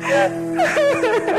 Yes!